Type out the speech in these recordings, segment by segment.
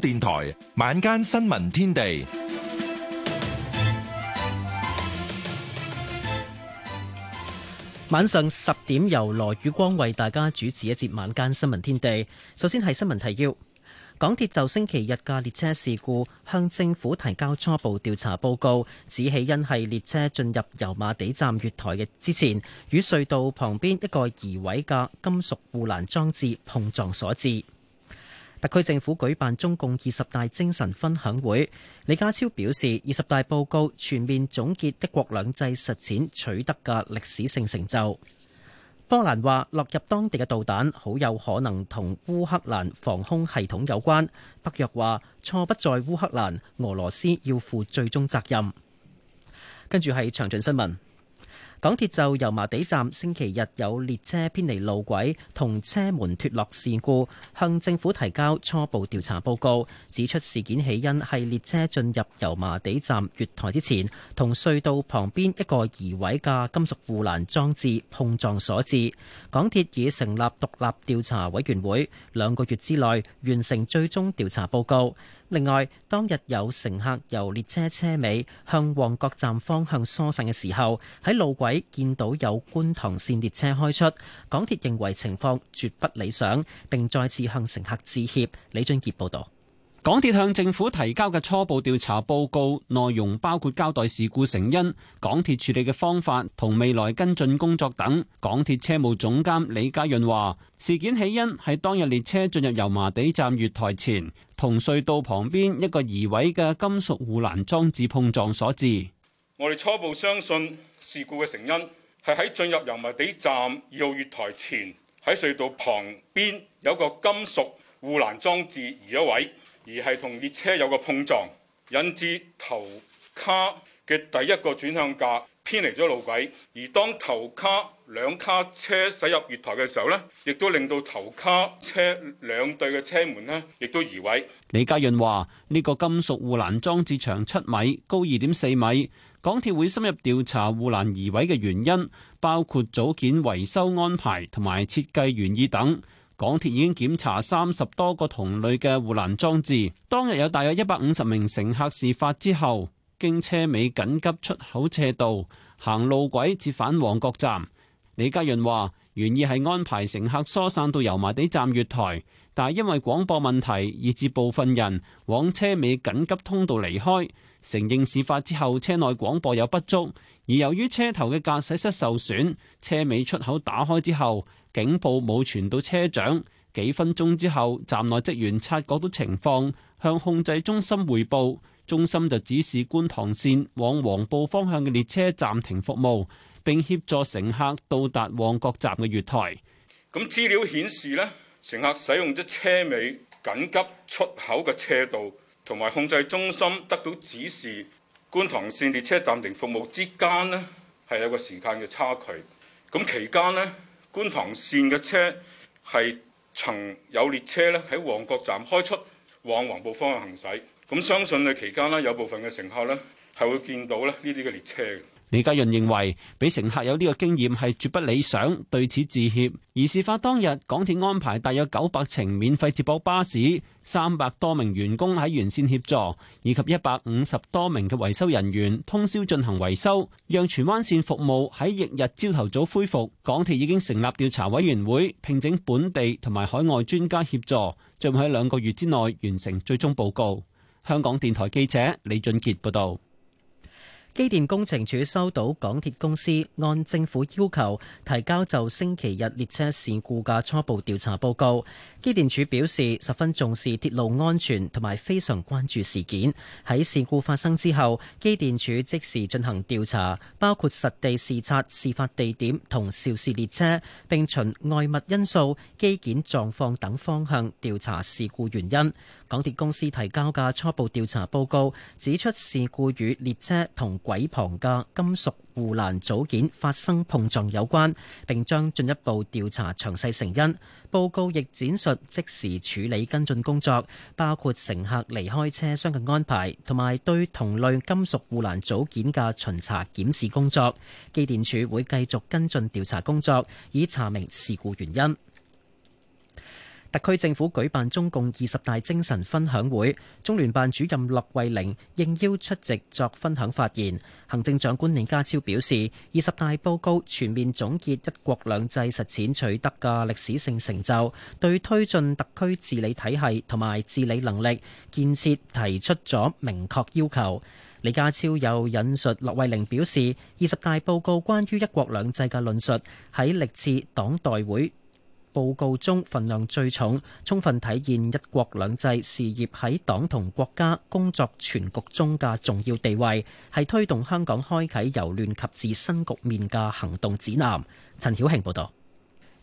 電台晚間新聞天地，晚上十點由羅宇光為大家主持一節晚間新聞天地。首先係新聞提要：港鐵就星期日嘅列車事故向政府提交初步調查報告，指起因係列車進入油麻地站月台嘅之前，與隧道旁邊一個移位嘅金屬護欄裝置碰撞所致。特區政府舉辦中共二十大精神分享會，李家超表示，二十大報告全面總結一國兩制實踐取得嘅歷史性成就。波蘭話落入當地嘅導彈好有可能同烏克蘭防空系統有關。北約話錯不在烏克蘭，俄羅斯要負最終責任。跟住係詳盡新聞。港鐵就油麻地站星期日有列車偏離路軌同車門脫落事故，向政府提交初步調查報告，指出事件起因係列車進入油麻地站月台之前，同隧道旁邊一個移位嘅金屬護欄裝置碰撞所致。港鐵已成立獨立調查委員會，兩個月之內完成最終調查報告。另外，當日有乘客由列車車尾向旺角站方向疏散嘅時候，喺路軌見到有觀塘線列車開出，港鐵認為情況絕不理想，並再次向乘客致歉。李俊傑報導。港鐵向政府提交嘅初步調查報告內容包括交代事故成因、港鐵處理嘅方法同未來跟進工作等。港鐵車務總監李家潤話，事件起因係當日列車進入油麻地站月台前，同隧道旁邊一個移位嘅金屬護欄裝置碰撞所致。我哋初步相信事故嘅成因係喺進入油麻地站入月台前，喺隧道旁邊有個金屬護欄裝置移咗位。而係同列車有個碰撞，引致頭卡嘅第一個轉向架偏離咗路軌。而當頭卡兩卡車駛入月台嘅時候呢，亦都令到頭卡車兩對嘅車門呢亦都移位。李家潤話：呢個金屬護欄裝置長七米，高二點四米。港鐵會深入調查護欄移位嘅原因，包括組件維修安排同埋設計原意等。港鐵已經檢查三十多個同類嘅護欄裝置。當日有大約一百五十名乘客事發之後，經車尾緊急出口斜道行路軌折返旺角站。李家潤話：原意係安排乘客疏散到油麻地站月台，但係因為廣播問題，以致部分人往車尾緊急通道離開。承認事發之後車內廣播有不足，而由於車頭嘅駕駛室受損，車尾出口打開之後。警報冇傳到車長，幾分鐘之後，站內職員察覺到情況，向控制中心匯報，中心就指示觀塘線往黃埔方向嘅列車暫停服務，並協助乘客到達旺角站嘅月台。咁資料顯示呢，乘客使用咗車尾緊急出口嘅車道，同埋控制中心得到指示觀塘線列車暫停服務之間呢係有個時間嘅差距。咁期間呢。觀塘線嘅車係曾有列車咧喺旺角站開出往黃埔方向行駛，咁相信嘅期間呢有部分嘅乘客呢係會見到咧呢啲嘅列車。李家潤認為俾乘客有呢個經驗係絕不理想，對此致歉。而事發當日，港鐵安排大約九百程免費接駁巴士，三百多名員工喺沿線協助，以及一百五十多名嘅維修人員通宵進行維修，讓荃灣綫服務喺翌日朝頭早恢復。港鐵已經成立調查委員會，聘請本地同埋海外專家協助，將會喺兩個月之內完成最終報告。香港電台記者李俊傑報道。機電工程署收到港鐵公司按政府要求提交就星期日列車事故嘅初步調查報告。機電署表示十分重視鐵路安全，同埋非常關注事件。喺事故發生之後，機電署即時進行調查，包括實地視察事發地點同肇事列車，並循外物因素、機件狀況等方向調查事故原因。港鐵公司提交嘅初步調查報告指出，事故與列車同軌旁嘅金屬護欄組件發生碰撞有關，並將進一步調查詳細成因。報告亦展述即時處理跟進工作，包括乘客離開車廂嘅安排，同埋對同類金屬護欄組件嘅巡查檢視工作。機電署會繼續跟進調查工作，以查明事故原因。特區政府舉辦中共二十大精神分享會，中聯辦主任駱惠寧應邀出席作分享發言。行政長官李家超表示，二十大報告全面總結一國兩制實踐取得嘅歷史性成就，對推進特區治理體系同埋治理能力建設提出咗明確要求。李家超又引述駱惠寧表示，二十大報告關於一國兩制嘅論述喺歷次黨代會，報告中份量最重，充分體現一國兩制事業喺黨同國家工作全局中嘅重要地位，係推動香港開啟由亂及治新局面嘅行動指南。陳曉慶報導。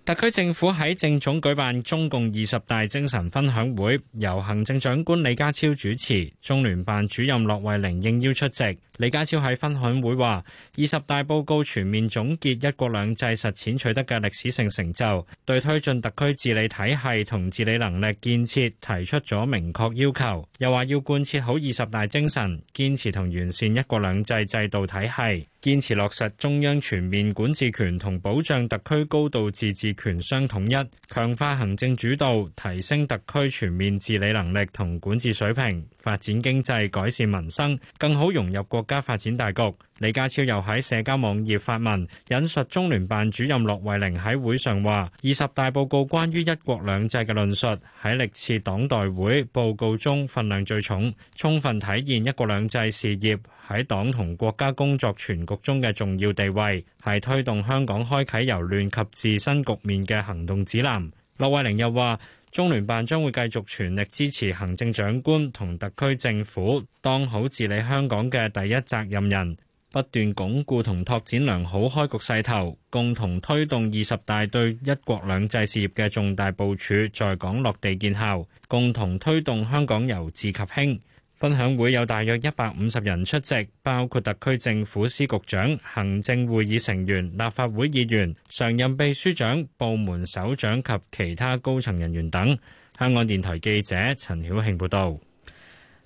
特區政府喺政總舉辦中共二十大精神分享會，由行政長官李家超主持，中聯辦主任駱惠寧應邀出席。李家超喺分享會話，二十大報告全面總結一國兩制實踐取得嘅歷史性成就，對推進特區治理體系同治理能力建設提出咗明確要求，又話要貫徹好二十大精神，堅持同完善一國兩制制度體系。堅持落實中央全面管治權同保障特區高度自治權相統一，強化行政主導，提升特區全面治理能力同管治水平。發展經濟、改善民生，更好融入國家發展大局。李家超又喺社交網頁發文引述中聯辦主任駱惠寧喺會上話：二十大報告關於一國兩制嘅論述喺歷次黨代會報告中分量最重，充分體現一國兩制事業喺黨同國家工作全局中嘅重要地位，係推動香港開啓由亂及治新局面嘅行動指南。駱惠寧又話。中聯辦將會繼續全力支持行政長官同特區政府當好治理香港嘅第一責任人，不斷鞏固同拓展良好開局勢頭，共同推動二十大對一國兩制事業嘅重大部署在港落地見效，共同推動香港由治及興。分享會有大約一百五十人出席，包括特區政府司局長、行政會議成員、立法會議員、常任秘書長、部門首長及其他高層人員等。香港電台記者陳曉慶報導。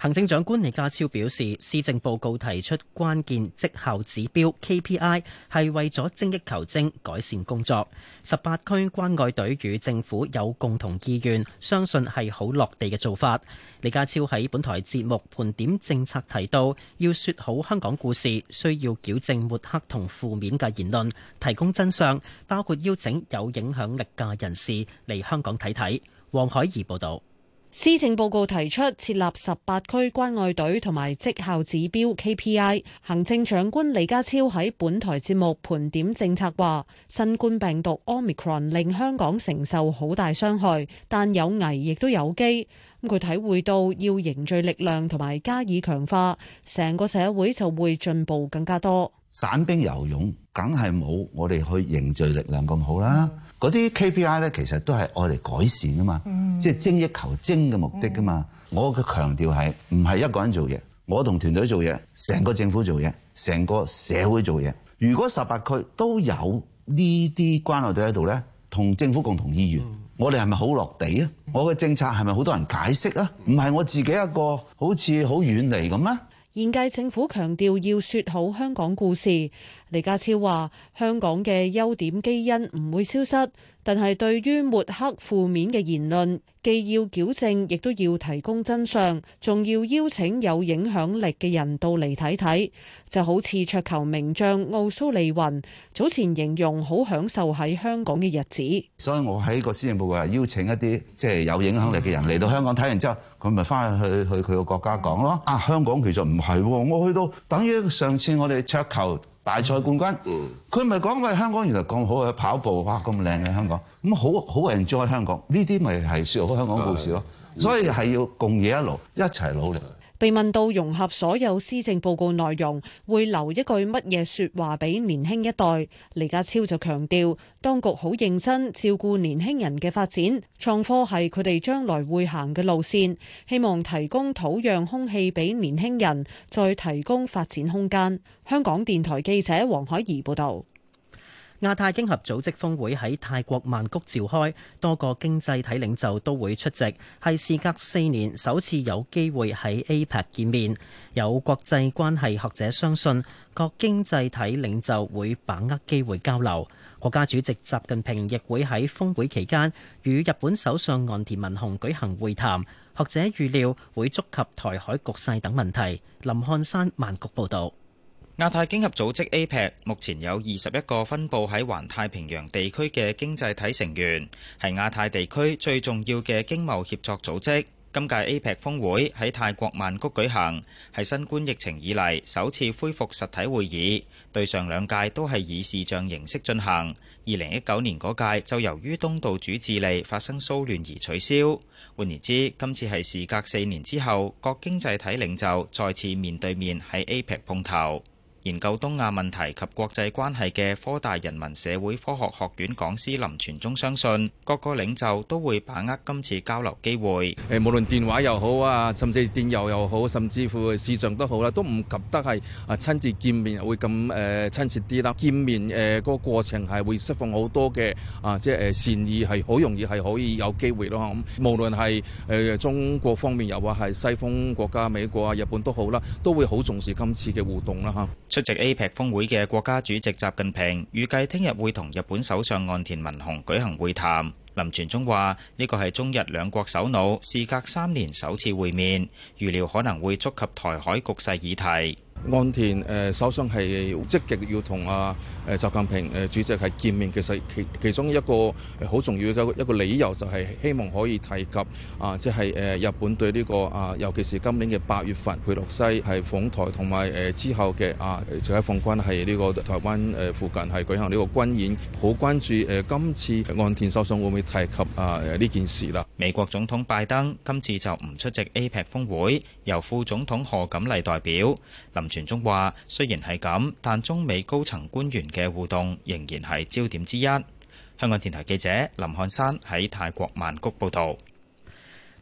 行政長官李家超表示，施政報告提出關鍵績效指標 KPI，係為咗精益求精、改善工作。十八區關愛隊與政府有共同意願，相信係好落地嘅做法。李家超喺本台節目盤點政策，提到要說好香港故事，需要矯正抹黑同負面嘅言論，提供真相，包括邀請有影響力嘅人士嚟香港睇睇。黃海怡報道。施政報告提出設立十八區關愛隊同埋績效指標 KPI。行政長官李家超喺本台節目盤點政策話：新冠病毒 Omicron 令香港承受好大傷害，但有危亦都有機。咁佢體會到要凝聚力量同埋加以強化，成個社會就會進步更加多。散兵游勇梗係冇我哋去凝聚力量咁好啦。嗰啲 KPI 咧，其實都係愛嚟改善啊嘛，嗯、即係精益求精嘅目的啊嘛。嗯、我嘅強調係唔係一個人做嘢，我同團隊做嘢，成個政府做嘢，成個社會做嘢。如果十八區都有呢啲關愛隊喺度咧，同政府共同意願，嗯、我哋係咪好落地啊？我嘅政策係咪好多人解釋啊？唔係我自己一個好似好遠離咁啊。現屆政府強調要說好香港故事。李家超話：香港嘅優點基因唔會消失，但係對於抹黑負面嘅言論，既要矯正，亦都要提供真相，仲要邀請有影響力嘅人到嚟睇睇。就好似桌球名將奧蘇利雲早前形容好享受喺香港嘅日子。所以我喺個施政報告啊，邀請一啲即係有影響力嘅人嚟到香港睇完之後，佢咪翻去去佢個國家講咯。啊，香港其實唔係、啊，我去到等於上次我哋桌球，大賽冠軍，嗯，佢咪講話香港原來咁好嘅跑步，哇咁靚嘅香港，咁好好 enjoy 香港，呢啲咪係説好香港故事咯，所以係要共嘢一路一齊努力。被問到融合所有施政報告內容，會留一句乜嘢説話俾年輕一代，李家超就強調，當局好認真照顧年輕人嘅發展，創科係佢哋將來會行嘅路線，希望提供土壤空氣俾年輕人，再提供發展空間。香港電台記者黃海怡報導。亞太經合組織峰會喺泰國曼谷召開，多個經濟體領袖都會出席，係事隔四年首次有機會喺 APEC 見面。有國際關係學者相信，各經濟體領袖會把握機會交流。國家主席習近平亦會喺峰會期間與日本首相岸田文雄舉行會談，學者預料會觸及台海局勢等問題。林漢山曼谷報道。亞太經合組織 APEC 目前有二十一個分佈喺環太平洋地區嘅經濟體成員，係亞太地區最重要嘅經貿協作組織。今屆 APEC 峰會喺泰國曼谷舉行，係新冠疫情以嚟首次恢復實體會議。對上兩屆都係以視像形式進行，二零一九年嗰屆就由於東道主智利發生騷亂而取消。換言之，今次係時隔四年之後，各經濟體領袖再次面對面喺 APEC 碰頭。研究東亞問題及國際關係嘅科大人文社會科學學院講師林傳忠相信，各個領袖都會把握今次交流機會，誒，無論電話又好啊，甚至電郵又好，甚至乎視像都好啦，都唔及得係啊親自見面會咁誒親切啲啦，見面誒個過程係會釋放好多嘅啊，即係善意係好容易係可以有機會咯。咁無論係誒中國方面又話係西方國家美國啊、日本都好啦，都會好重視今次嘅互動啦。吓。出席 APEC 峰會嘅國家主席習近平預計聽日會同日本首相岸田文雄舉行會談。林傳忠話：呢個係中日兩國首腦事隔三年首次會面，預料可能會觸及台海局勢議題。岸田誒首相係積極要同啊誒習近平誒主席係見面，其實其其中一個好重要嘅一個理由就係希望可以提及啊，即係誒日本對呢個啊，尤其是今年嘅八月份佩洛西係訪台，同埋誒之後嘅啊解放軍係呢個台灣誒附近係舉行呢個軍演，好關注誒今次岸田首相會唔會提及啊誒呢件事啦。美國總統拜登今次就唔出席 APEC 峯會，由副總統賀錦麗代表。林傳中話，雖然係咁，但中美高層官員嘅互動仍然係焦點之一。香港電台記者林漢山喺泰國曼谷報道，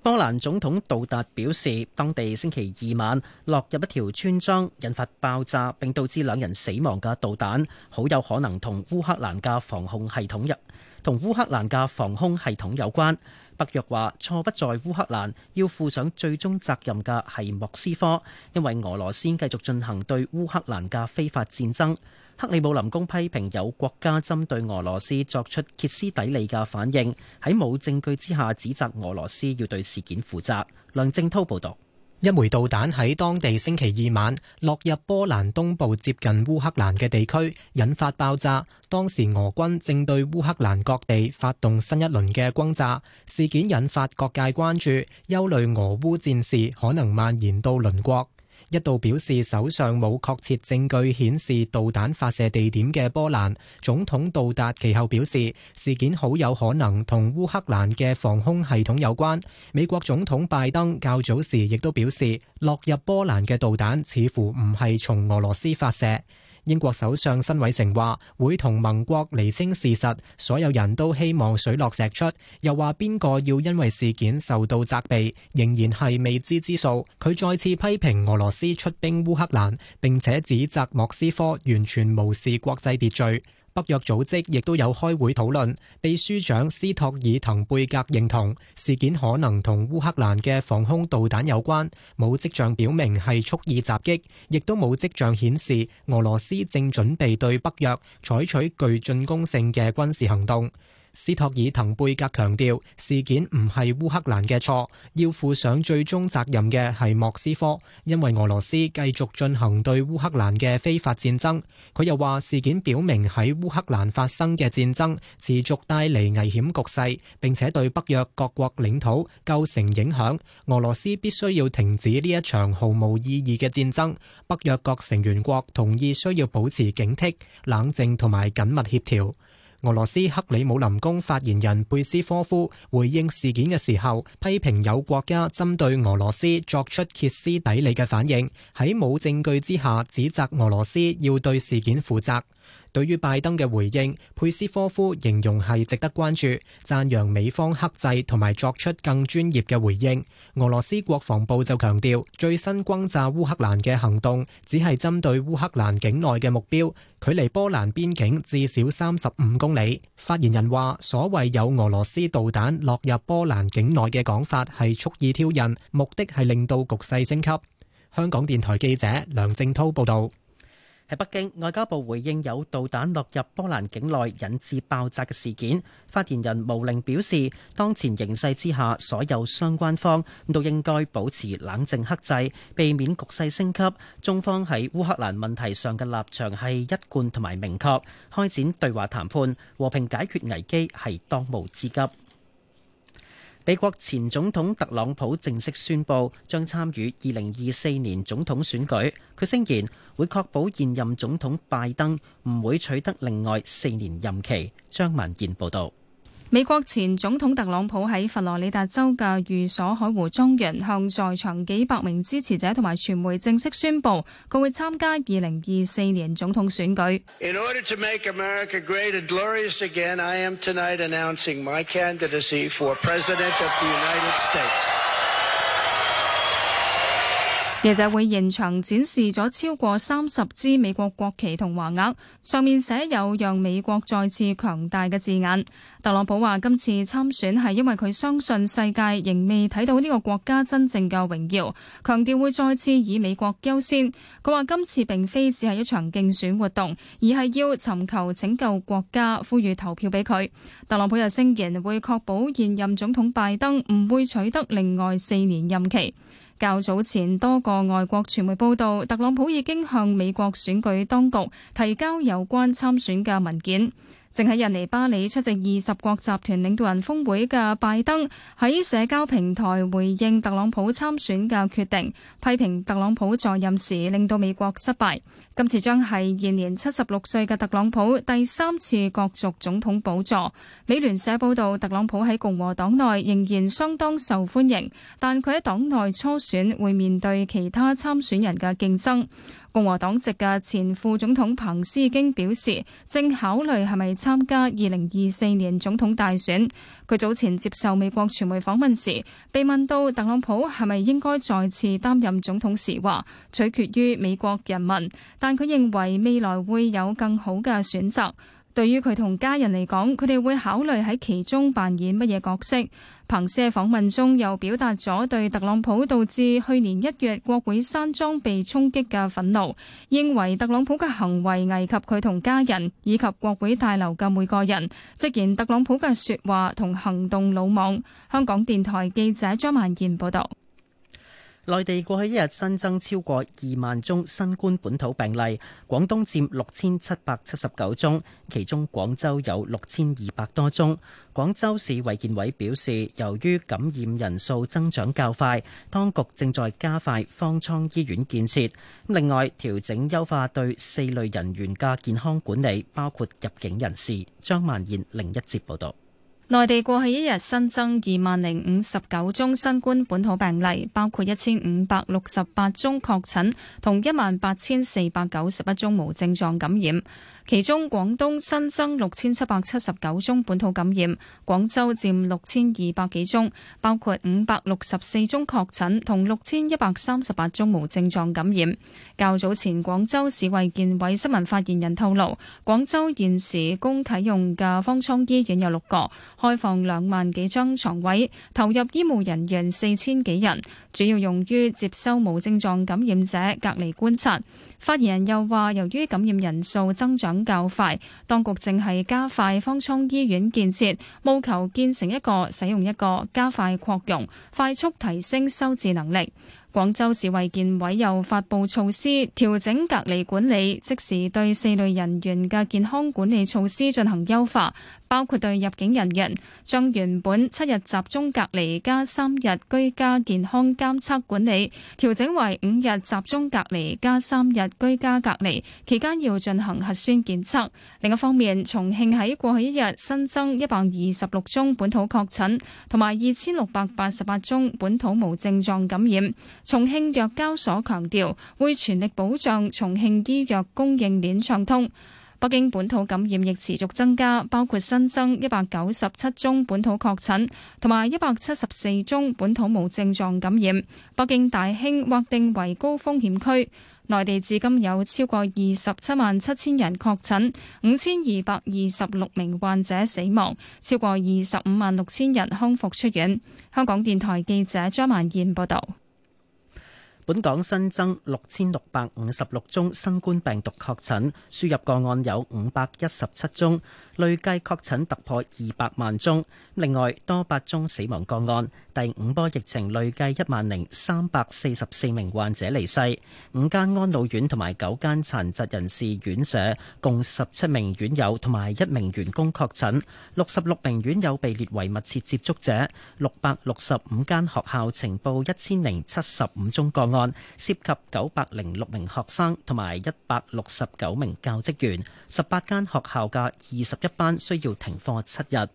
波蘭總統杜達表示，當地星期二晚落入一條村莊，引發爆炸並導致兩人死亡嘅導彈，好有可能同烏克蘭嘅防空系統有同烏克蘭嘅防空系統有關。北約話錯不在烏克蘭，要負上最終責任嘅係莫斯科，因為俄羅斯繼續進行對烏克蘭嘅非法戰爭。克里姆林宮批評有國家針對俄羅斯作出歇斯底里嘅反應，喺冇證據之下指責俄羅斯要對事件負責。梁正濤報道。一枚導彈喺當地星期二晚落入波蘭東部接近烏克蘭嘅地區，引發爆炸。當時俄軍正對烏克蘭各地發動新一輪嘅轟炸，事件引發各界關注，憂慮俄烏戰事可能蔓延到鄰國。一度表示手上冇確切證據顯示導彈發射地點嘅波蘭總統到達其後表示，事件好有可能同烏克蘭嘅防空系統有關，美國總統拜登較早時亦都表示，落入波蘭嘅導彈似乎唔係從俄羅斯發射。英國首相辛偉誠話會同盟國厘清事實，所有人都希望水落石出。又話邊個要因為事件受到責備，仍然係未知之數。佢再次批評俄羅斯出兵烏克蘭，並且指責莫斯科完全無視國際秩序。北約組織亦都有開會討論，秘書長斯托爾滕貝格認同事件可能同烏克蘭嘅防空導彈有關，冇迹象表明係蓄意襲擊，亦都冇迹象顯示俄羅斯正準備對北約採取具進攻性嘅軍事行動。斯托爾滕貝格強調，事件唔係烏克蘭嘅錯，要負上最終責任嘅係莫斯科，因為俄羅斯繼續進行對烏克蘭嘅非法戰爭。佢又話，事件表明喺烏克蘭發生嘅戰爭持續帶嚟危險局勢，並且對北約各國領土構成影響。俄羅斯必須要停止呢一場毫無意義嘅戰爭。北約各成員國同意需要保持警惕、冷靜同埋緊密協調。俄羅斯克里姆林宮發言人貝斯科夫回應事件嘅時候，批評有國家針對俄羅斯作出歇斯底里嘅反應，喺冇證據之下，指責俄羅斯要對事件負責。對於拜登嘅回應，佩斯科夫形容係值得關注，讚揚美方克制同埋作出更專業嘅回應。俄羅斯國防部就強調，最新轟炸烏克蘭嘅行動只係針對烏克蘭境內嘅目標，距離波蘭邊境至少三十五公里。發言人話：所謂有俄羅斯導彈落入波蘭境內嘅講法係蓄意挑釁，目的係令到局勢升級。香港電台記者梁正滔報導。喺北京，外交部回應有導彈落入波蘭境內引致爆炸嘅事件，發言人毛寧表示，當前形勢之下，所有相關方都應該保持冷靜克制，避免局勢升級。中方喺烏克蘭問題上嘅立場係一貫同埋明確，開展對話談判、和平解決危機係當務之急。美國前總統特朗普正式宣布將參與二零二四年總統選舉。佢聲言會確保現任總統拜登唔會取得另外四年任期。張文健報導。美國前總統特朗普喺佛羅里達州嘅寓所海湖莊園，向在場幾百名支持者同埋傳媒正式宣布，佢會參加二零二四年總統選舉。In order to make America great and glorious again, I am tonight announcing my candidacy for President of the United States. 記者會現場展示咗超過三十支美國國旗同華額，上面寫有讓美國再次強大嘅字眼。特朗普話，今次參選係因為佢相信世界仍未睇到呢個國家真正嘅榮耀，強調會再次以美國優先。佢話今次並非只係一場競選活動，而係要尋求拯救國家，呼籲投票俾佢。特朗普又聲言，會確保現任總統拜登唔會取得另外四年任期。較早前，多個外國傳媒報道，特朗普已經向美國選舉當局提交有關參選嘅文件。正喺印尼巴厘出席二十國集團領導人峰會嘅拜登，喺社交平台回應特朗普參選嘅決定，批評特朗普在任時令到美國失敗。今次將係現年七十六歲嘅特朗普第三次角逐總統寶座。美聯社報道，特朗普喺共和黨內仍然相當受歡迎，但佢喺黨內初選會面對其他參選人嘅競爭。共和黨籍嘅前副總統彭斯已經表示，正考慮係咪參加二零二四年總統大選。佢早前接受美國傳媒訪問時，被問到特朗普係咪應該再次擔任總統時，話取決於美國人民，但佢認為未來會有更好嘅選擇。對於佢同家人嚟講，佢哋會考慮喺其中扮演乜嘢角色。彭斯喺訪問中又表達咗對特朗普導致去年一月國會山莊被衝擊嘅憤怒，認為特朗普嘅行為危及佢同家人以及國會大樓嘅每個人，直言特朗普嘅說話同行動魯莽。香港電台記者張曼燕報道。內地過去一日新增超過二萬宗新冠本土病例，廣東佔六千七百七十九宗，其中廣州有六千二百多宗。廣州市衛健委表示，由於感染人數增長較快，當局正在加快方艙醫院建設。另外調整優化對四類人員嘅健康管理，包括入境人士。張萬賢另一節報道。內地過去一日新增二萬零五十九宗新冠本土病例，包括一千五百六十八宗確診，同一萬八千四百九十一宗無症狀感染。其中廣東新增六千七百七十九宗本土感染，廣州佔六千二百幾宗，包括五百六十四宗確診同六千一百三十八宗無症狀感染。較早前廣州市衛健委新聞發言人透露，廣州現時公啟用嘅方艙醫院有六個，開放兩萬幾張床位，投入醫務人員四千幾人。主要用於接收無症狀感染者隔離觀察。發言人又話，由於感染人數增長較快，當局正係加快方艙醫院建設，務求建成一個，使用一個，加快擴容，快速提升收治能力。廣州市衛健委又發布措施，調整隔離管理，即時對四類人員嘅健康管理措施進行優化。包括對入境人員將原本七日集中隔離加三日居家健康監測管理調整為五日集中隔離加三日居家隔離，期間要進行核酸檢測。另一方面，重慶喺過去一日新增一百二十六宗本土確診同埋二千六百八十八宗本土無症狀感染。重慶藥交所強調會全力保障重慶醫藥供應鏈暢通。北京本土感染亦持續增加，包括新增一百九十七宗本土確診，同埋一百七十四宗本土無症狀感染。北京大興劃定為高風險區。內地至今有超過二十七萬七千人確診，五千二百二十六名患者死亡，超過二十五萬六千人康復出院。香港電台記者張曼燕報導。本港新增六千六百五十六宗新冠病毒確診，輸入個案有五百一十七宗。累計確診突破二百萬宗，另外多八宗死亡個案。第五波疫情累計一萬零三百四十四名患者離世。五間安老院同埋九間殘疾人士院舍，共十七名院友同埋一名員工確診，六十六名院友被列為密切接觸者。六百六十五間學校呈報一千零七十五宗個案，涉及九百零六名學生同埋一百六十九名教職員。十八間學校嘅二十一一班需要停課七日。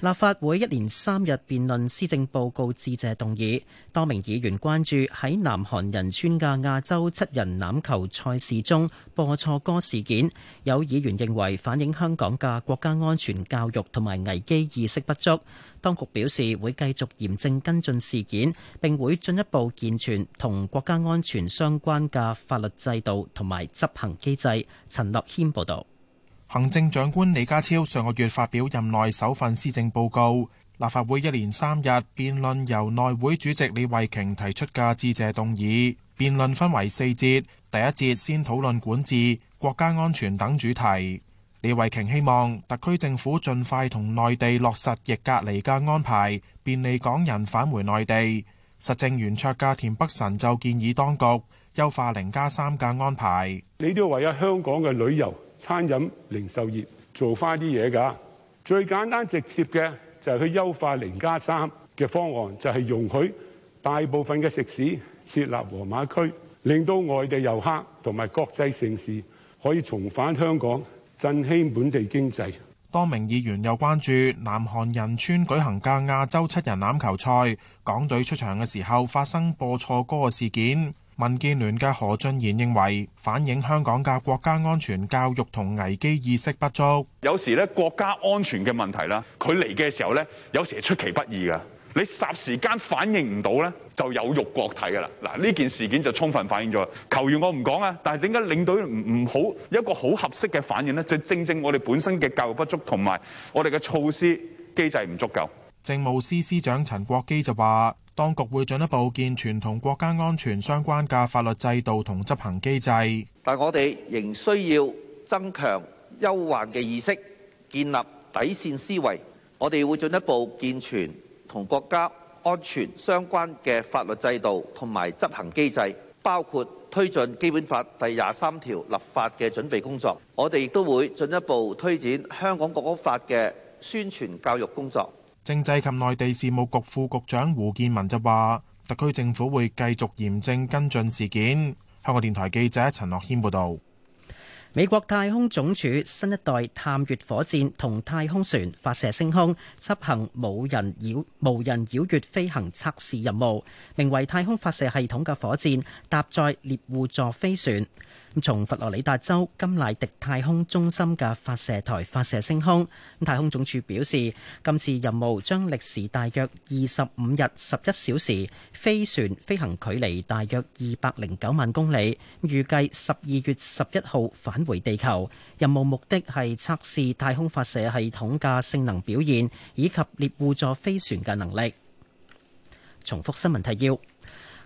立法會一連三日辯論施政報告致謝動議。多名議員關注喺南韓仁川嘅亞洲七人欖球賽事中播錯歌事件。有議員認為反映香港嘅國家安全教育同埋危機意識不足。當局表示會繼續嚴正跟進事件，並會進一步健全同國家安全相關嘅法律制度同埋執行機制。陳樂謙報道。行政長官李家超上個月發表任內首份施政報告，立法會一連三日辯論由內會主席李慧瓊提出嘅致謝動議。辯論分為四節，第一節先討論管治、國家安全等主題。李慧瓊希望特區政府盡快同內地落實逆隔離嘅安排，便利港人返回內地。實政圓桌田北辰就建議當局優化零加三嘅安排。你都要為咗香港嘅旅遊。餐飲零售業做翻啲嘢㗎，最簡單直接嘅就係、是、去優化零加三嘅方案，就係、是、容許大部分嘅食肆設立黃碼區，令到外地遊客同埋國際城市可以重返香港，振興本地經濟。多名議員又關注南韓仁川舉行嘅亞洲七人欖球賽，港隊出場嘅時候發生播錯歌嘅事件。民建聯嘅何俊賢認為，反映香港嘅國家安全教育同危機意識不足。有時咧國家安全嘅問題咧，佢嚟嘅時候咧，有時係出其不意噶，你霎時間反應唔到咧，就有辱國體噶啦。嗱，呢件事件就充分反映咗。球員我唔講啊，但係點解領導唔唔好一個好合適嘅反應咧？就正正我哋本身嘅教育不足，同埋我哋嘅措施機制唔足夠。政務司司、司長陳國基就話。當局會進一步健全同國家安全相關嘅法律制度同執行機制，但我哋仍需要增強憂患嘅意識，建立底線思維。我哋會進一步健全同國家安全相關嘅法律制度同埋執行機制，包括推進基本法第廿三條立法嘅準備工作。我哋亦都會進一步推展香港國安法嘅宣傳教育工作。政制及內地事務局副，副局長胡健民就話：特區政府會繼續嚴正跟進事件。香港電台記者陳樂軒報導。美國太空總署新一代探月火箭同太空船發射升空，執行無人繞無人繞月飛行測試任務，名為太空發射系統嘅火箭搭載獵戶座飛船。從佛羅里達州金賴迪太空中心嘅發射台發射升空。咁太空總署表示，今次任務將歷時大約二十五日十一小時，飛船飛行距離大約二百零九萬公里，預計十二月十一號返回地球。任務目的係測試太空發射系統嘅性能表現以及獵戶座飛船嘅能力。重複新聞提要。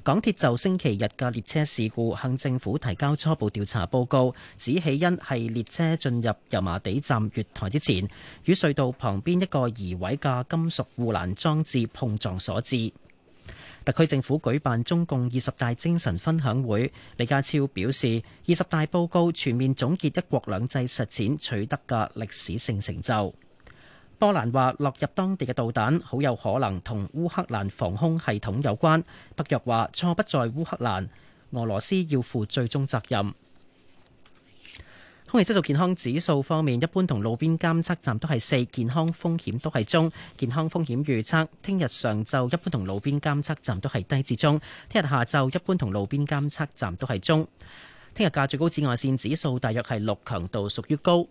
港鐵就星期日嘅列車事故向政府提交初步調查報告，指起因係列車進入油麻地站月台之前，與隧道旁邊一個移位嘅金屬護欄裝置碰撞所致。特區政府舉辦中共二十大精神分享會，李家超表示，二十大報告全面總結一國兩制實踐取得嘅歷史性成就。波蘭話落入當地嘅導彈好有可能同烏克蘭防空系統有關。北約話錯不在烏克蘭，俄羅斯要負最終責任。空氣質素健康指數方面，一般同路邊監測站都係四，健康風險都係中。健康風險預測，聽日上晝一般同路邊監測站都係低至中，聽日下晝一般同路邊監測站都係中。聽日嘅最高紫外線指數大約係六，強度屬於高。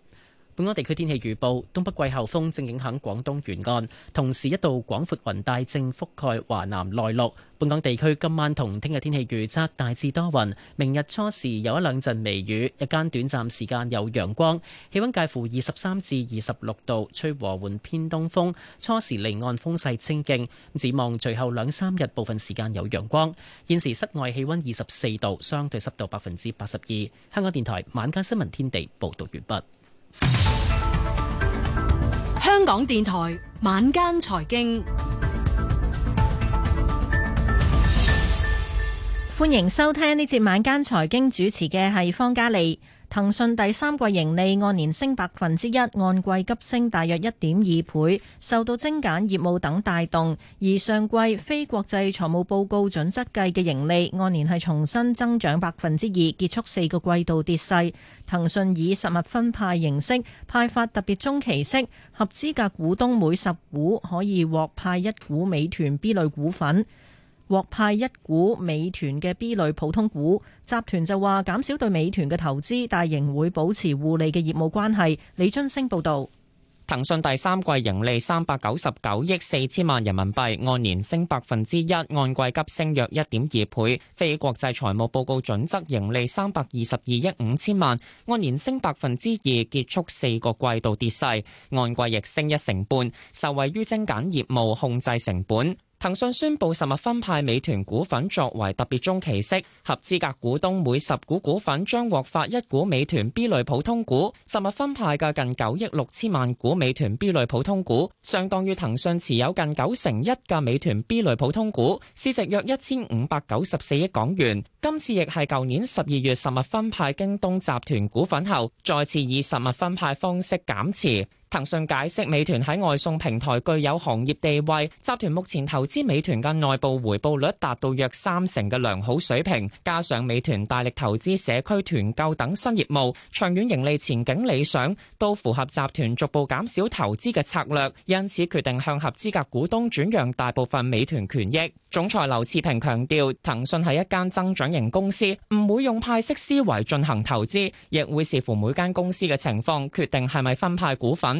本港地區天氣預報：東北季候風正影響廣東沿岸，同時一道廣闊雲帶正覆蓋華南內陸。本港地區今晚同聽日天氣預測大致多雲，明日初時有一兩陣微雨，日間短暫時間有陽光，氣溫介乎二十三至二十六度，吹和緩偏東風，初時離岸風勢清勁。展望隨後兩三日部分時間有陽光。現時室外氣溫二十四度，相對濕度百分之八十二。香港電台晚間新聞天地報道完畢。港電台晚間財經，歡迎收聽呢節晚間財經，主持嘅係方嘉利。騰訊第三季盈利按年升百分之一，按季急升大約一點二倍，受到精簡業務等帶動。而上季非國際財務報告準則計嘅盈利按年係重新增長百分之二，結束四個季度跌勢。騰訊以實物分派形式派發特別中期息，合資格股東每十股可以獲派一股美團 B 類股份。獲派一股美團嘅 B 類普通股，集團就話減少對美團嘅投資，但仍會保持互利嘅業務關係。李津升報道，騰訊第三季盈利三百九十九億四千萬人民幣，按年升百分之一，按季急升約一點二倍。非國際財務報告準則盈利三百二十二億五千萬，按年升百分之二，結束四個季度跌勢，按季亦升一成半，受惠於精簡業務，控制成本。騰訊宣布實物分派美團股份作為特別中期息，合資格股東每十股股份將獲發一股美團 B 類普通股。實物分派嘅近九億六千萬股美團 B 類普通股，相當於騰訊持有近九成一嘅美團 B 類普通股，市值約一千五百九十四億港元。今次亦係舊年十二月實物分派京東集團股份後，再次以實物分派方式減持。騰訊解釋，美團喺外送平台具有行業地位，集團目前投資美團嘅內部回報率達到約三成嘅良好水平，加上美團大力投資社區團購等新業務，長遠盈利前景理想，都符合集團逐步減少投資嘅策略，因此決定向合資格股東轉讓大部分美團權益。總裁劉熾平強調，騰訊係一間增長型公司，唔會用派息思維進行投資，亦會視乎每間公司嘅情況，決定係咪分派股份。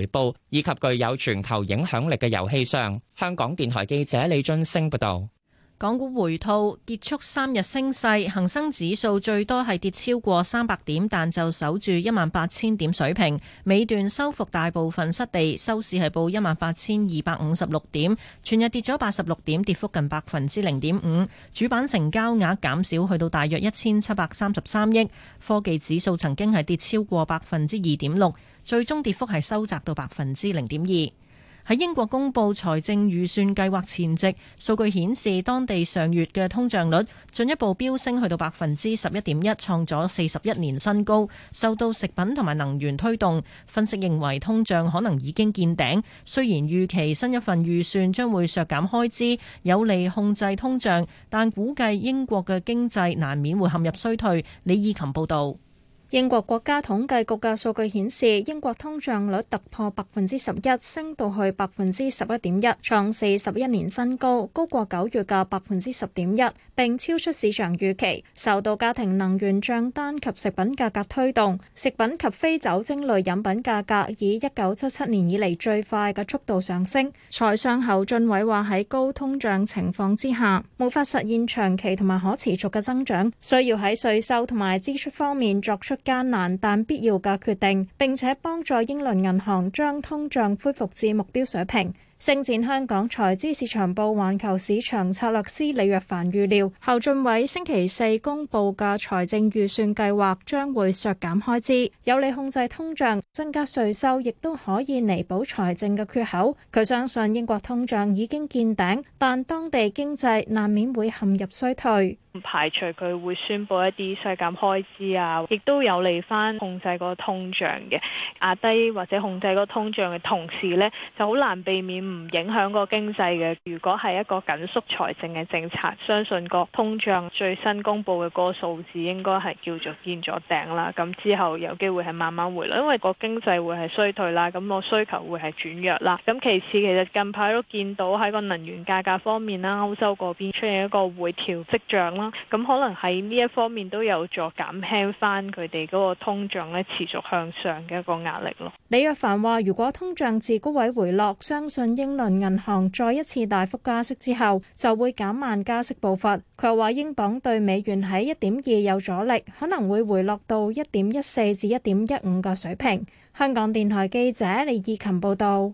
回報以及具有全球影響力嘅遊戲商，香港電台記者李俊升報道，港股回吐結束三日升勢，恒生指數最多係跌超過三百點，但就守住一萬八千點水平。尾段收復大部分失地，收市係報一萬八千二百五十六點，全日跌咗八十六點，跌幅近百分之零點五。主板成交額減少去到大約一千七百三十三億。科技指數曾經係跌超過百分之二點六。最終跌幅係收窄到百分之零點二。喺英國公布財政預算計劃前夕，數據顯示當地上月嘅通脹率進一步飆升，去到百分之十一點一，創咗四十一年新高。受到食品同埋能源推動，分析認為通脹可能已經見頂。雖然預期新一份預算將會削減開支，有利控制通脹，但估計英國嘅經濟難免會陷入衰退。李意琴報導。英國國家統計局嘅數據顯示，英國通脹率突破百分之十一，升到去百分之十一點一，創四十一年新高，高過九月嘅百分之十點一，並超出市場預期。受到家庭能源賬單及食品價格推動，食品及非酒精類飲品價格以一九七七年以嚟最快嘅速度上升。財相侯俊偉話喺高通脹情況之下，無法實現長期同埋可持續嘅增長，需要喺稅收同埋支出方面作出。艱難但必要嘅決定，並且幫助英倫銀行將通脹恢復至目標水平。星展香港財資市場部環球市場策略師李若凡預料，侯俊偉星期四公布嘅財政預算計劃將會削減開支，有利控制通脹，增加稅收亦都可以彌補財政嘅缺口。佢相信英國通脹已經見頂，但當地經濟難免會陷入衰退。唔排除佢會宣布一啲削減開支啊，亦都有利翻控制個通脹嘅，壓低或者控制個通脹嘅同時咧，就好難避免唔影響個經濟嘅。如果係一個緊縮財政嘅政策，相信個通脹最新公佈嘅個數字應該係叫做見咗頂啦。咁之後有機會係慢慢回落，因為個經濟會係衰退啦，咁個需求會係轉弱啦。咁其次，其實近排都見到喺個能源價格方面啦，歐洲嗰邊出現一個回調跡象。咁可能喺呢一方面都有助減輕翻佢哋嗰個通脹咧持續向上嘅一個壓力咯。李若凡話，如果通脹自高位回落，相信英倫銀行再一次大幅加息之後，就會減慢加息步伐。佢話英鎊對美元喺一點二有阻力，可能會回落到一點一四至一點一五個水平。香港電台記者李義琴報道。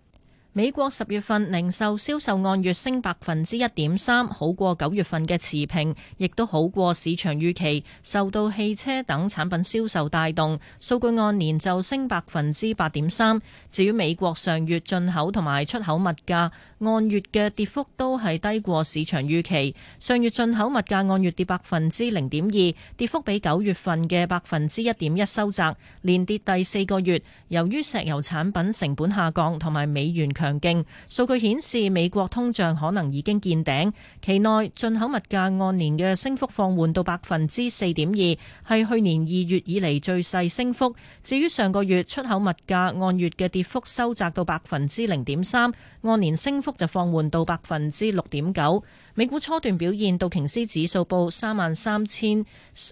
美國十月份零售銷售按月升百分之一點三，好過九月份嘅持平，亦都好過市場預期，受到汽車等產品銷售帶動。數據按年就升百分之八點三。至於美國上月進口同埋出口物價，按月嘅跌幅都係低過市場預期。上月進口物價按月跌百分之零點二，跌幅比九月份嘅百分之一點一收窄，連跌第四個月。由於石油產品成本下降同埋美元強勁，數據顯示美國通脹可能已經見頂，期內進口物價按年嘅升幅放緩到百分之四點二，係去年二月以嚟最細升幅。至於上個月出口物價按月嘅跌幅收窄到百分之零點三，按年升。幅就放緩到百分之六點九。美股初段表現，道瓊斯指數報三萬三千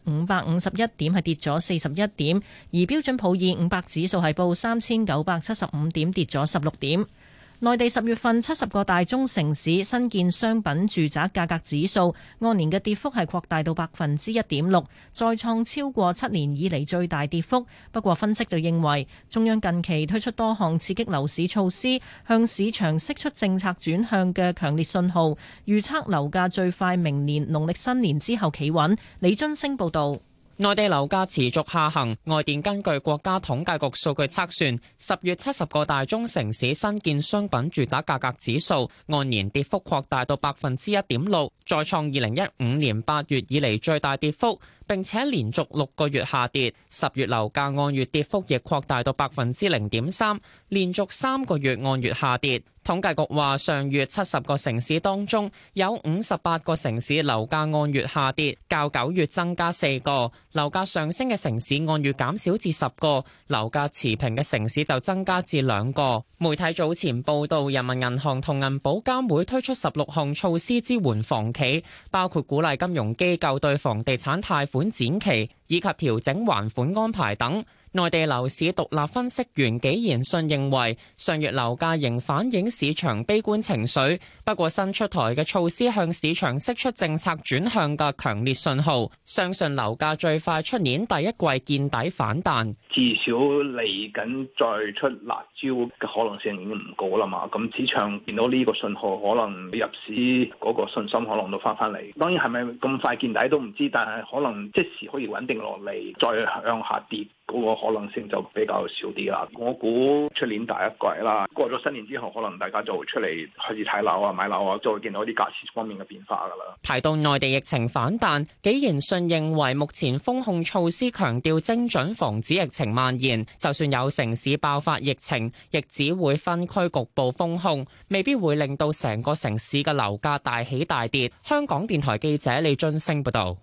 五百五十一點，係跌咗四十一點；而標準普爾五百指數係報三千九百七十五點，跌咗十六點。內地十月份七十個大中城市新建商品住宅價格指數按年嘅跌幅係擴大到百分之一點六，再創超過七年以嚟最大跌幅。不過，分析就認為中央近期推出多項刺激樓市措施，向市場釋出政策轉向嘅強烈信號，預測樓價最快明年農曆新年之後企穩。李津星報導。內地樓價持續下行，外電根據國家統計局數據測算，十月七十個大中城市新建商品住宅價格指數按年跌幅擴大到百分之一點六，再創二零一五年八月以嚟最大跌幅，並且連續六個月下跌。十月樓價按月跌幅亦擴大到百分之零點三，連續三個月按月下跌。統計局話上月七十個城市當中有五十八個城市樓價按月下跌，較九月增加四個，樓價上升嘅城市按月減少至十個，樓價持平嘅城市就增加至兩個。媒體早前報道，人民銀行同銀保監會推出十六項措施支援房企，包括鼓勵金融機構對房地產貸款展期，以及調整還款安排等。內地樓市獨立分析員紀賢信認為，上月樓價仍反映市場悲觀情緒，不過新出台嘅措施向市場釋出政策轉向嘅強烈信號，相信樓價最快出年第一季見底反彈。至少嚟緊再出辣招嘅可能性已經唔高啦嘛，咁市場見到呢個信號，可能你入市嗰個信心可能都翻返嚟。當然係咪咁快見底都唔知，但係可能即時可以穩定落嚟，再向下跌嗰個可能性就比較少啲啦。我估出年第一季啦，過咗新年之後，可能大家就會出嚟開始睇樓啊、買樓啊，就會見到啲價錢方面嘅變化㗎啦。提到內地疫情反彈，紀賢信認為目前封控措施強調精準防止疫情。蔓延，就算有城市爆發疫情，亦只會分區局部封控，未必會令到成個城市嘅樓價大起大跌。香港電台記者李津升報道。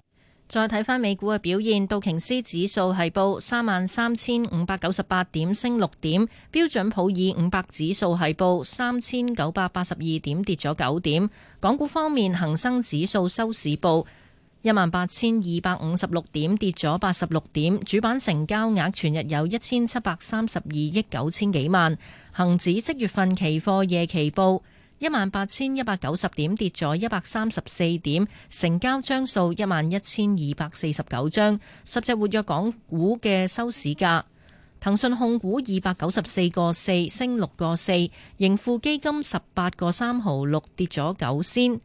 再睇翻美股嘅表現，道瓊斯指數係報三萬三千五百九十八點，升六點；標準普爾五百指數係報三千九百八十二點，跌咗九點。港股方面，恒生指數收市報。一萬八千二百五十六點，跌咗八十六點，主板成交額全日有一千七百三十二億九千幾萬。恒指即月份期貨夜期報一萬八千一百九十點，跌咗一百三十四點，成交張數一萬一千二百四十九張。十隻活躍港股嘅收市價，騰訊控股二百九十四個四升六個四，盈富基金十八個三毫六跌咗九仙。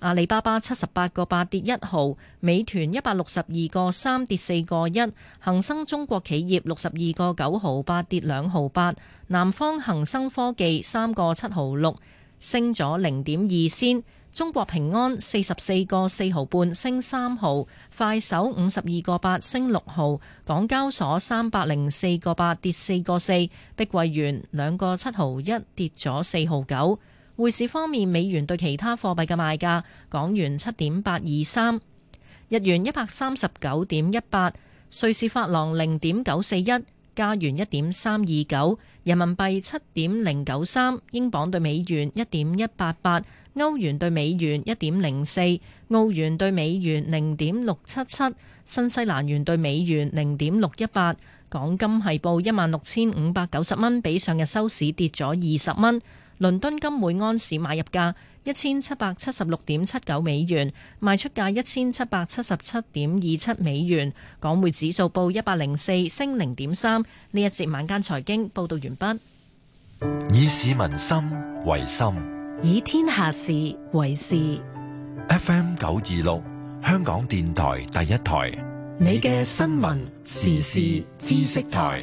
阿里巴巴七十八個八跌一毫，美團一百六十二個三跌四個一，恒生中國企業六十二個九毫八跌兩毫八，南方恒生科技三個七毫六升咗零點二仙，中國平安四十四個四毫半升三毫，快手五十二個八升六毫，港交所三百零四個八跌四個四，碧桂園兩個七毫一跌咗四毫九。匯市方面，美元對其他貨幣嘅賣價：港元七點八二三，日元一百三十九點一八，瑞士法郎零點九四一，加元一點三二九，人民幣七點零九三，英鎊兌美元一點一八八，歐元兌美元一點零四，澳元兌美元零點六七七，新西蘭元兌美元零點六一八。港金係報一萬六千五百九十蚊，比上日收市跌咗二十蚊。倫敦金每安士買入價一千七百七十六點七九美元，賣出價一千七百七十七點二七美元。港匯指數報 4, 一百零四，升零點三。呢一節晚間財經報道完畢。以市民心為心，以天下事為事。F M 九二六，香港電台第一台，你嘅新聞時事知識台。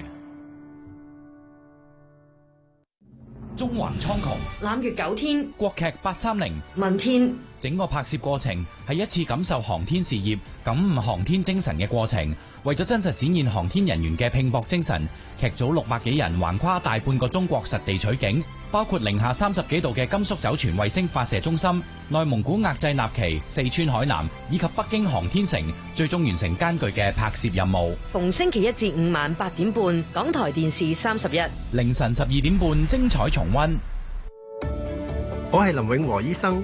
中環蒼穹，攬月九天，國劇八三零，問天。整個拍攝過程係一次感受航天事業、感悟航天精神嘅過程。為咗真實展現航天人員嘅拼搏精神，劇組六百幾人橫跨大半個中國實地取景，包括零下三十幾度嘅甘肅酒泉衛星發射中心、內蒙古額濟納旗、四川海南以及北京航天城，最終完成艱巨嘅拍攝任務。逢星期一至五晚八點半，港台電視三十一；凌晨十二點半，精彩重溫。我係林永和醫生。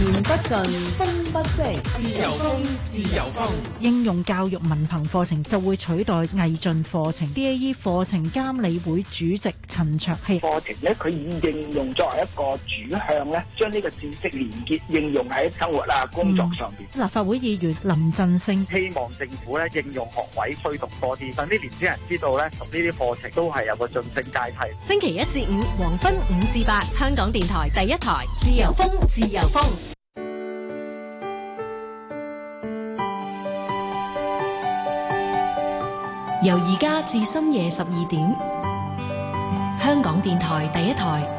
言不盡，風不息。自由風，自由風。應用教育文憑課程就會取代毅進課程。DAE 課程監理會主席陳卓禧：課程咧，佢以應用作為一個主向咧，將呢個知識連結應用喺生活啊、嗯、工作上邊。立法會議員林振昇希望政府咧應用學位推動多啲，等啲年青人知道咧，同呢啲課程都係有個晉升階梯。星期一至五黃昏五至八，香港電台第一台，自由風，自由風。由而家至深夜十二點，香港電台第一台。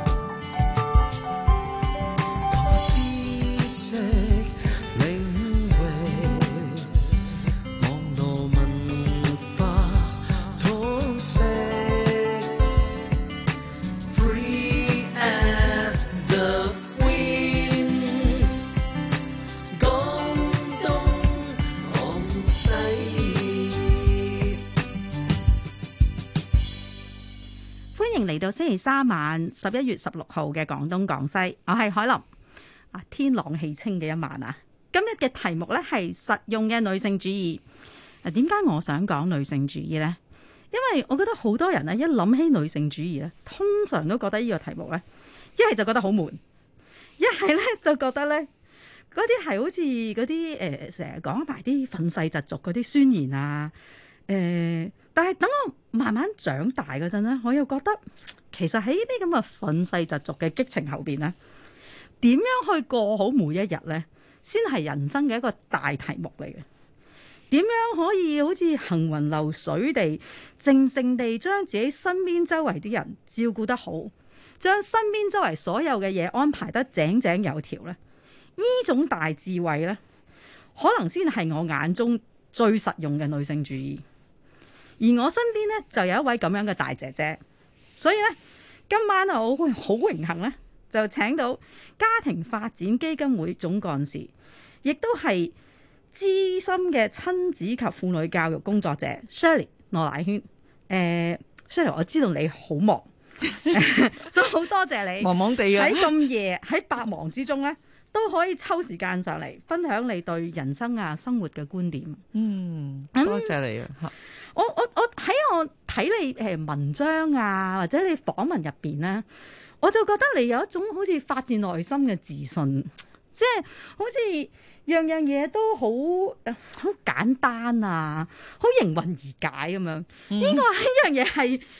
到星期三晚十一月十六號嘅廣東廣西，我係海琳。啊，天朗氣清嘅一晚啊。今日嘅題目呢係實用嘅女性主義啊，點解我想講女性主義呢？因為我覺得好多人呢，一諗起女性主義呢，通常都覺得呢個題目呢，一係就覺得好悶，一係呢就覺得呢嗰啲係好似嗰啲誒，成日講埋啲憤世嫉俗嗰啲宣言啊，誒、呃。但係等我慢慢長大嗰陣咧，我又覺得其實喺呢啲咁嘅憤世嫉俗嘅激情後邊咧，點樣去過好每一日咧，先係人生嘅一個大題目嚟嘅。點樣可以好似行雲流水地，靜靜地將自己身邊周圍啲人照顧得好，將身邊周圍所有嘅嘢安排得井井有條咧？呢種大智慧咧，可能先係我眼中最實用嘅女性主義。而我身邊咧就有一位咁樣嘅大姐姐，所以咧今晚我會好榮幸咧就請到家庭發展基金會總幹事，亦都係資深嘅親子及婦女教育工作者 Shirley 羅乃軒。誒，呃，Shirley，我知道你好忙， 所以好多謝你，忙忙地喺咁夜喺百忙之中咧都可以抽時間上嚟，分享你對人生啊、生活嘅觀點。嗯，多謝你啊！我我我喺我睇你誒文章啊，或者你訪問入邊咧，我就覺得你有一種好似發自內心嘅自信，即係好似樣樣嘢都好好簡單啊，好迎刃而解咁樣。呢個呢樣嘢係。